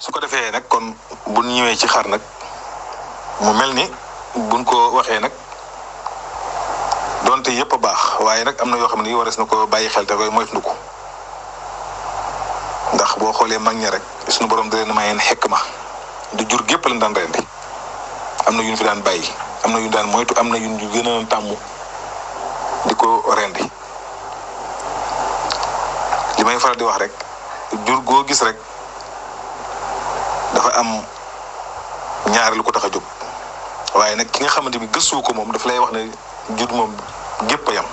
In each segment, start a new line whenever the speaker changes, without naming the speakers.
su ko defee nag kon bu ñëwee ci xar nag mu mel ni buñ ko waxee nag donte yëpp a baax waaye nag am na yoo xam ne warees na ko bàyyi xel te koy moytandiku ndax boo xoolee mag ña rek suñu borom da leen mayeen xekk ma du jur gépp lañ daan rendi am na yu fi daan bàyyi am na yu daan moytu am na yu ñu gën a tàmm di ko rendi li may faral di wax rek jur goo gis rek. dafa am ñaar lu ko tax a jóg waaye nag ki nga xamante ni gëstu ko moom daf lay wax ne jur moom gépp yam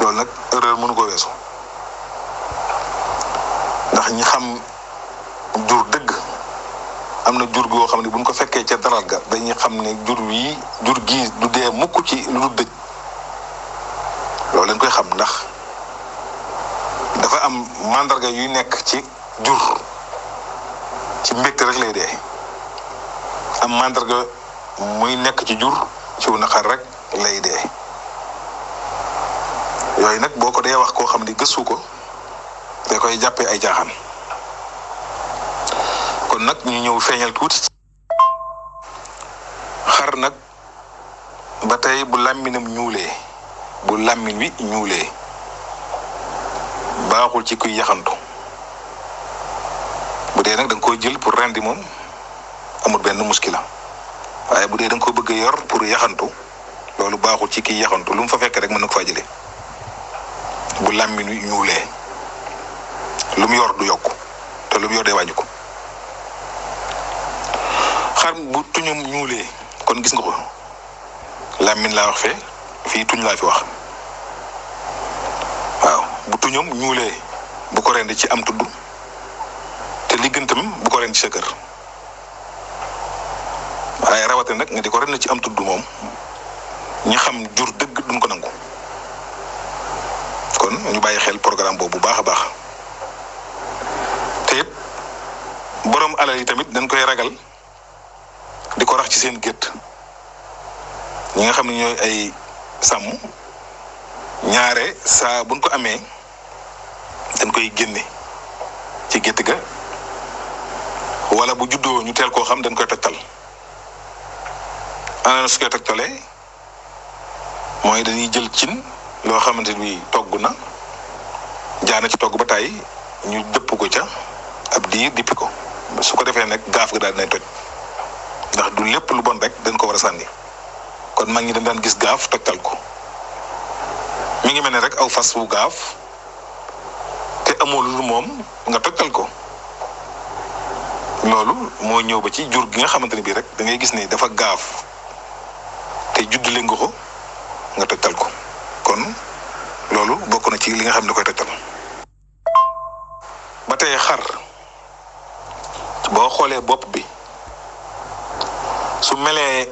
loolu nag erreur mënu ko weesu ndax ñi xam jur dëgg am na jur goo xam ne buñ ko fekkee ca daral dañuy xam ne jur wii jur gii du dee mukk ci lu dul dëj loolu lañ koy xam ndax dafa am màndarga yuy nekk ci jur ci mbégte rek lay de am màndarga muy nekk ci jur ci wu naqar rek lay de yooyu nag boo ko dee wax koo xam ni gësu ko da koy jàppee ay jaaxaan kon nag ñu ñëw feeñal tuuti xar nag ba tey bu làmminam ñuulee bu làmmin wi ñuulee baaxul ci kuy yaxantu dee nag danga nga koy jël pour rendi moom amul benn muskila waaye bu dee da ko bëgg a yor pour yaxantu loolu baaxul ci kii yaxantu lu fa fekk rek mën na ko faa jëlee bu làmmi ñuulee lu mu yor du yokk te lu mu yor dee wàññi ko xar bu tuñum ñuulee kon gis nga ko làmmin laa wax fee fii tuñ laa fi wax waaw bu tuñum ñuulee bu ko rendi ci am tudd tudd bu ko ren ci sa kër waaye rawatina nag nga di ko ren ci am tudd moom ñi xam jur dëgg duñ ko nangu kon ñu bàyyi xel programme boobu bu baax a baax te it borom alal yi tamit dañ koy ragal di ko rax ci seen gétt ñi nga xam ne ñooy ay sàmm ñaare saa buñ ko amee dañ koy génne ci gétt ga wala bu juddoo ñu teel koo xam dañ koy tegtal tal na su koy tegtalee mooy dañuy jël cin loo xamante ni togg na jaana ci togg ba tàyyi ñu dëpp ko ca ab di dippi ko su ko defee nag gaaf ga daal dinay toj ndax du lépp lu bon rek dañ ko war a sànni kon mag ñi dañ daan gis gaaf tegtal ko mi ngi mel ne rek aw fas wu gaaf te amoo moom nga tal ko loolu moo ñëw ba ci jur gi nga xamante ne bii rek dangay gis ne dafa gaaf te judd leen nga ko nga tojtal ko kon loolu bokk na ci li nga xam ne da koy tojtal ba tey xar boo xoolee bopp bi su melee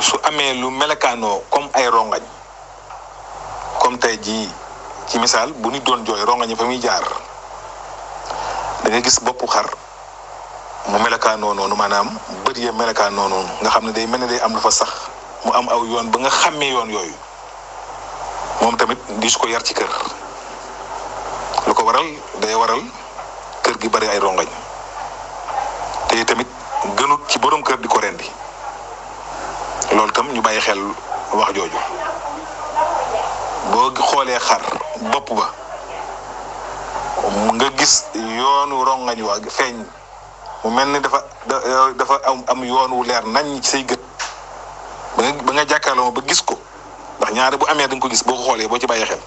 su amee lu melekaanoo comme ay rongañ comme tey jii ci misaal bu nit doon jooy rongañ fa muy jaar da gis boppu xar mu melakaanoo noonu maanaam bët ya melakaanoo noonu nga xam ne day mel ne day am lu fa sax mu am aw yoon ba nga xàmmee yoon yooyu moom tamit di su ko yar ci kër lu ko waral day waral kër gi bari ay rongañ te tamit gënut ci borom kër di ko rendi loolu tam ñu bàyyi xel wax jooju boo xoolee xar bopp ba nga gis yoonu rongañ waa feeñ mu mel ni dafa dafa am am yoon wu leer nañ ci say gët ba nga ba ba gis ko ndax ñaari bu amee da nga ko gis boo xoolee boo ci bàyyi xel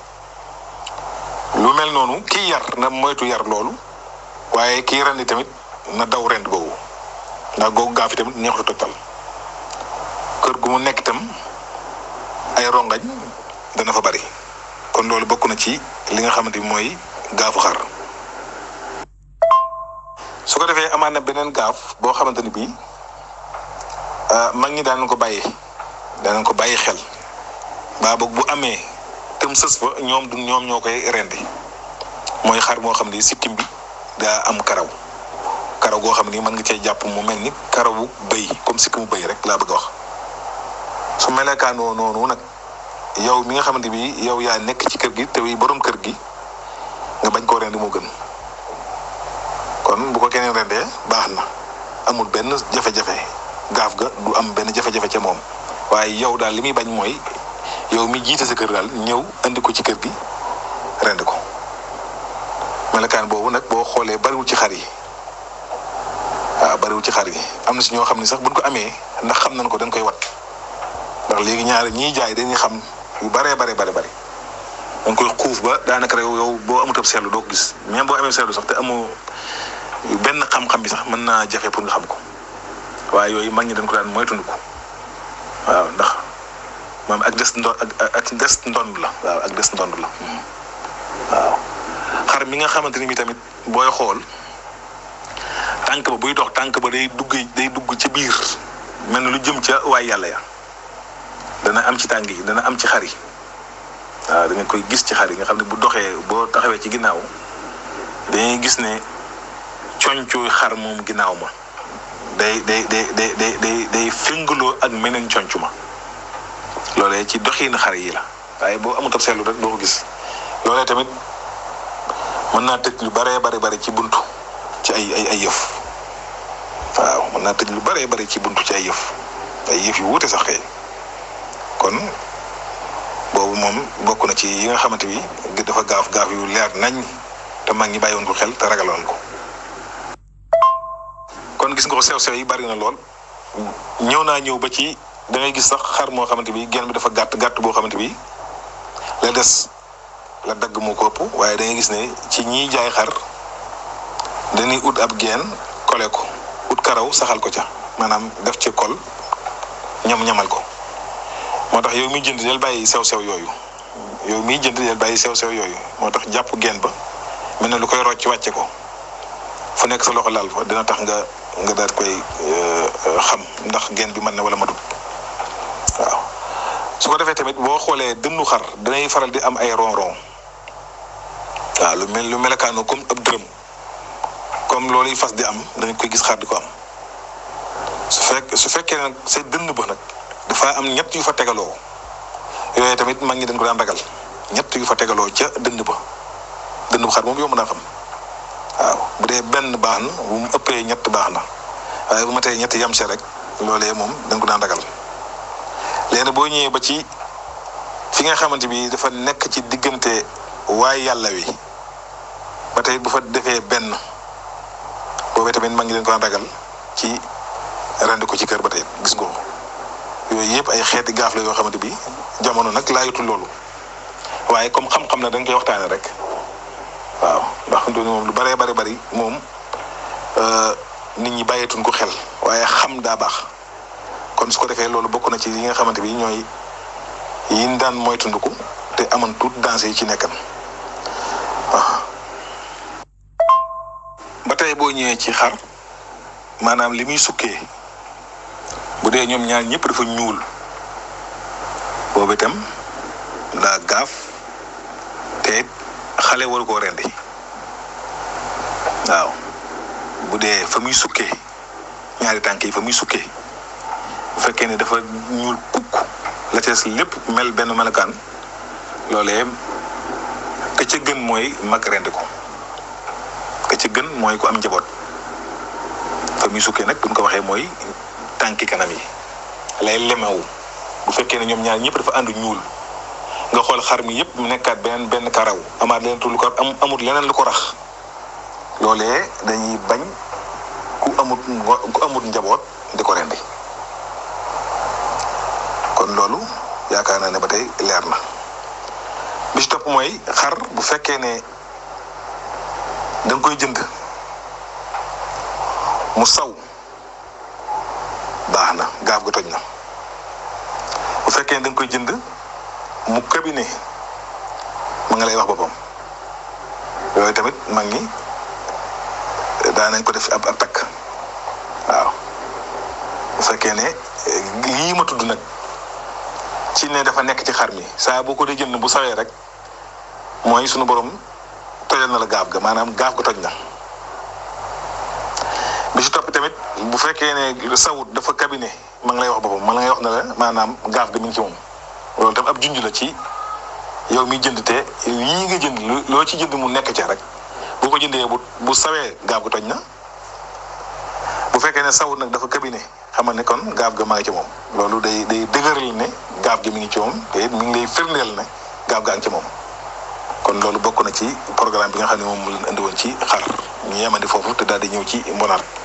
lu mel noonu kii yar na moytu yar loolu waaye kii rendi tamit na daw rend boobu ndax googu gaaf tamit neexutu tottal kër gu mu nekk itam ay rongañ dana fa bari kon loolu bokk na ci li nga xamante ni mooy gaafu xar. su ko defee amaat na beneen gaaf boo xamante ni bii ah, mag ñi daan ko bàyyi daan ko bàyyi xel baa boog bu amee tëm sës ba ñoom du ñoom ñoo koy rendi mooy xar moo xam ni sikkim bi daa am karaw karaw goo xam ni mën nga cee jàpp mu mel ni karawu bëy comme sikkimu bëy rek laa bëgg a wax su melekaanoo noonu nag yow mi nga xamante bi yow yaa nekk ci kër gi te wi borom kër gi nga bañ koo rendi moo gën kon bu ko keneen rendee baax na amul benn jafe-jafe gaaf ga du am benn jafe-jafe ca moom waaye yow daal li muy bañ mooy yow mi jiite sa kër daal ñëw andi ko ci kër gi rend ko melokaan boobu nag boo xoolee bariwul ci xar yi waaw bariwul yi am na si ñoo xam ne sax buñ ko amee ndax xam nañ ko dañ koy wat ndax léegi ñaari ñiy jaay dañuy xam yu baree bare bare bare dañ koy xuuf ba daanaka rek yow boo amatab seetlu doo ko gis même boo amee seetlu sax te amoo benn xam-xam bi sax mën naa jafe pour nga xam ko waaye yooyu mag ñi dañ ko daan moytandiku ko waaw ndax moom ak des ndo ak des ndond la waaw ak des la hmm. waaw xar mi nga xamante ni bi tamit booy xool tànk ba buy dox tànk ba day dugg day dugg ci biir mel lu jëm ca waay yàlla ya dana am ci tànk yi dana am ci xar yi waaw da koy gis ci xar yi nga xam ne bu doxee boo taxawee ci ginnaaw dañuy gis ne concuy xar moom ginnaaw ma day day day day day day ak meneen conc ma loolee ci doxiin xar yi la waaye boo amut ab seetlu rek doo ko gis loolee tamit mën naa tëj lu baree bari bari ci buntu ci ay yëf a mën naa tëj lu baree bari ci buntu ci ay yëf ay yëf yu wuute sax kon boobu moom bokk na ci yi nga xamante bi dafa gaaf gaaf yu leer nañ te mag ñi bàyyi woon ko xel te ragaloon ko kon gis nga ko sew sew yi bari na lool ñëw naa ñëw ba ci da gis sax xar moo xamante bi genn bi dafa gàtt gàtt boo xamante bi la des la dagg moo ko ëpp waaye da gis ne ci ñiy jaay xar dañuy ut ab geen kole ko ut karaw saxal ko ca maanaam def ci kol ñam ñamal ko moo tax yow miy jënd del bàyyi sew sew yooyu yow miy jënd del bàyyi sew sew yooyu moo tax jàpp geen ba mel ne lu koy rocc wàcce ko fu nekk sa loxo laal fa dina tax nga nga daal koy euh, xam ndax genn bi mën na wala matut waaw su ko defee tamit boo xoolee dënnu xar danay faral di am ay ronron waaw lu lu melakaanu comme ab dërëm comme loolu yi fas di am dañ koy gis xar di ko am su fekkee nag say dënn ba nag dafa am ñett yu fa tegaloo yooyu tamit mag ñi dañ ko daan ragal ñett yu fa tegaloo ca dënd ba dënn bu xar moom yomb naa xam. waaw bu dee benn baax na bu mu ëppee ñett baax na waaye bu ma tee ñett yam se rek loolee moom dañ ko daan ragal léegi boo ñëwee ba ci fi nga xamante bi dafa nekk ci diggante waaye yàlla wi ba tey bu fa defee benn boobee tamit maa ngi leen ko daan ragal ci rendi ko ci kër ba tey gis nga ko yooyu yëpp ay xeeti gaaf la yoo xamante bi jamono nag laayatul loolu waaye comme xam-xam na dañ koy waxtaane rek. ndax xam moom lu bëree bëri bëri moom nit ñi bàyyeetuñ ko xel waaye xam daa baax kon su ko defee loolu bokk na ci yi nga xamante bi ñooy yiñ daan moytandiku te amoon tout danger yi ci nekkan ba tey boo ñëwee ci xar maanaam li muy sukkee bu dee ñoom ñaar ñëpp dafa ñuul boobu itam daa gaaf te xale waru koo rendi waaw bu dee fa muy sukkee ñaari tànk yi fa muy sukkee bu fekkee ne dafa ñuul kukk la ca lépp mel benn melokaan loole ka ca gën mooy mag rend ko ka ca gën mooy ko am njaboot fa muy sukkee nag buñ ko waxee mooy tànki kanam yi lay lemewu bu fekkee ne ñoom ñaar ñëpp dafa ànd ñuul nga xool xar mi yëpp nekkaat beneen benn karaw amaat leneen lu ko amut leneen lu ko rax loolee dañuy bañ ku amut njaboot di ko rendi kon loolu yaakaar naa ne ba tey leer na bi mooy xar bu fekkee ne da koy jënd mu saw baax na gaaf ga toj na bu fekkee ne da koy jënd mu kabine ma nga wax boppam yooyu tamit mag ñi nañ ko def ab ab takk waaw bu fekkee ne eh, lii ma tudd nag ci ne dafa nekk ci xar mi saa boo ko dee jënd bu sawee rek mooy sunu boroom tojal na la gaaf ga maanaam gaaf ga toj na bi ci tamit bu fekkee ne sawut dafa kabine ma ngi lay wax boppam ma ngi lay wax maanaam gaaf mi ngi ci moom loolu tam ab junj la ci yow mi jënd te lii nga jënd loo ci jënd mu nekk ca rek boo ko jëndee bu bu sawee gaab ga toj na bu fekkee ne sawut nag dafa kabine xamal ne kon gaab ga maa ngi ci moom loolu day day dëgëral ne gaab gi mi ngi ci moom te it ngi lay firndeel ne gaab gaa ngi ci moom kon loolu bokk na ci programme bi nga xam ne moom mu leen indi woon ci xar ñu yemandi foofu te daal di ñëw ci mbonaat